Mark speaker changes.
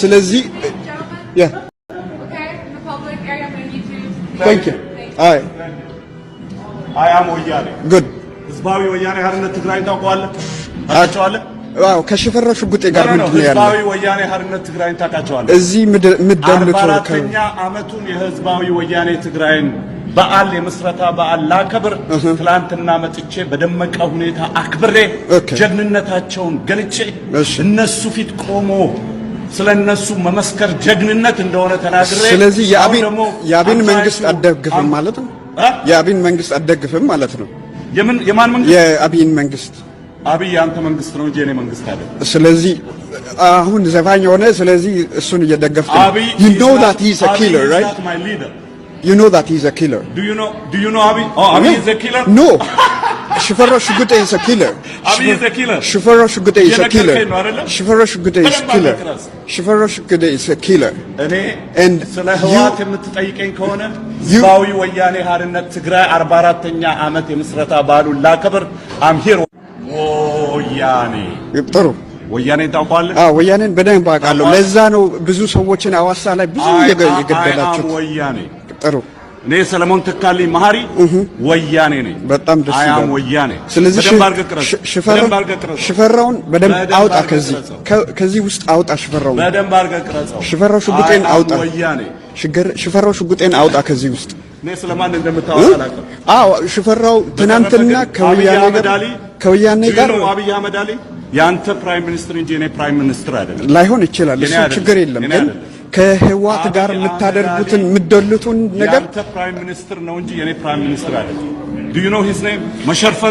Speaker 1: ስለዚህ ህዝባዊ ወያኔ ሀርነት ትግራይ ታውቀዋለህ? ታውቃቸዋለህ? አዎ ከሽፈራው ሽጉጤ ጋር ምንድን ነው ያለው? ህዝባዊ ወያኔ ሓርነት ትግራይን ታውቃቸዋለህ? እዚህ አርባ አራተኛ ዓመቱን የህዝባዊ ወያኔ ትግራይን በዓል የምስረታ በዓል ላከብር ትላንትና መጥቼ በደመቀ ሁኔታ አክብሬ ጀግንነታቸውን ገልጬ እነሱ ፊት ቆሞ ስለ እነሱ መመስከር ጀግንነት እንደሆነ ተናግሬ፣ ስለዚህ የአብን መንግስት አደግፍም ማለት ነው። የአብን መንግስት አደግፍም ማለት ነው። የምን የማን መንግስት? የአብይን መንግስት። አብይ አንተ መንግስት ነው እንጂ እኔ መንግስት አይደለም። ስለዚህ አሁን ዘፋኝ ሆነ። ስለዚህ እሱን እየደገፍክ ነው። you know that he is a killer right? you know that he is a killer. do you know do you know Abiy? oh Abiy is a killer? no ሽፈራው ሽጉጤ ኢዝ አ ኪለር። ሽፈራው ሽጉጤ ኢዝ አ ኪለር። ሽፈራው ሽጉጤ ኢዝ አ ኪለር። ሽፈራው ሽጉጤ ኢዝ አ ኪለር። እኔ ስለ ህወሓት የምትጠይቀኝ ከሆነ ህዝባዊ ወያኔ ሓርነት ትግራይ 44ኛ ዓመት የምስረታ በዓሉን ላከብር አም ሂር ወያኔ ጥሩ ወያኔን ታውቀዋለህ? አዎ ወያኔን በደንብ አውቃለሁ። ለዛ ነው ብዙ ሰዎችን አዋሳ ላይ ብዙ የገደላችሁት ወያኔ ጥሩ እኔ ሰለሞን ተካልኝ መሀሪ ወያኔ ነኝ። በጣም ደስ ይላል። አያም ወያኔ። ስለዚህ ሽፈራውን በደንብ አውጣ፣ ከዚህ ከዚህ ውስጥ አውጣ። ሽፈራውን በደንብ አድርገህ ቅረጸው። ሽፈራው ሽጉጤን አውጣ። ወያኔ ሽገር ሽፈራው ሽጉጤን አውጣ ከዚህ ውስጥ። እኔ ስለማን እንደምታወራ አላውቅም። አዎ ሽፈራው ትናንትና ከወያኔ ጋር አብይ አህመድ አሊ ያንተ ፕራይም ሚኒስትር እንጂ እኔ ፕራይም ሚኒስትር አይደለም። ላይሆን ይችላል፣ እሱ ችግር የለም ግን ከህዋት ጋር የምታደርጉትን የምትደልቱን ነገር ፕራይም ሚኒስትር ነው እንጂ የኔ ፕራይም ሚኒስትር አይደለም። ዱ ዩ ኖ ሂዝ ኔም መሸርፈት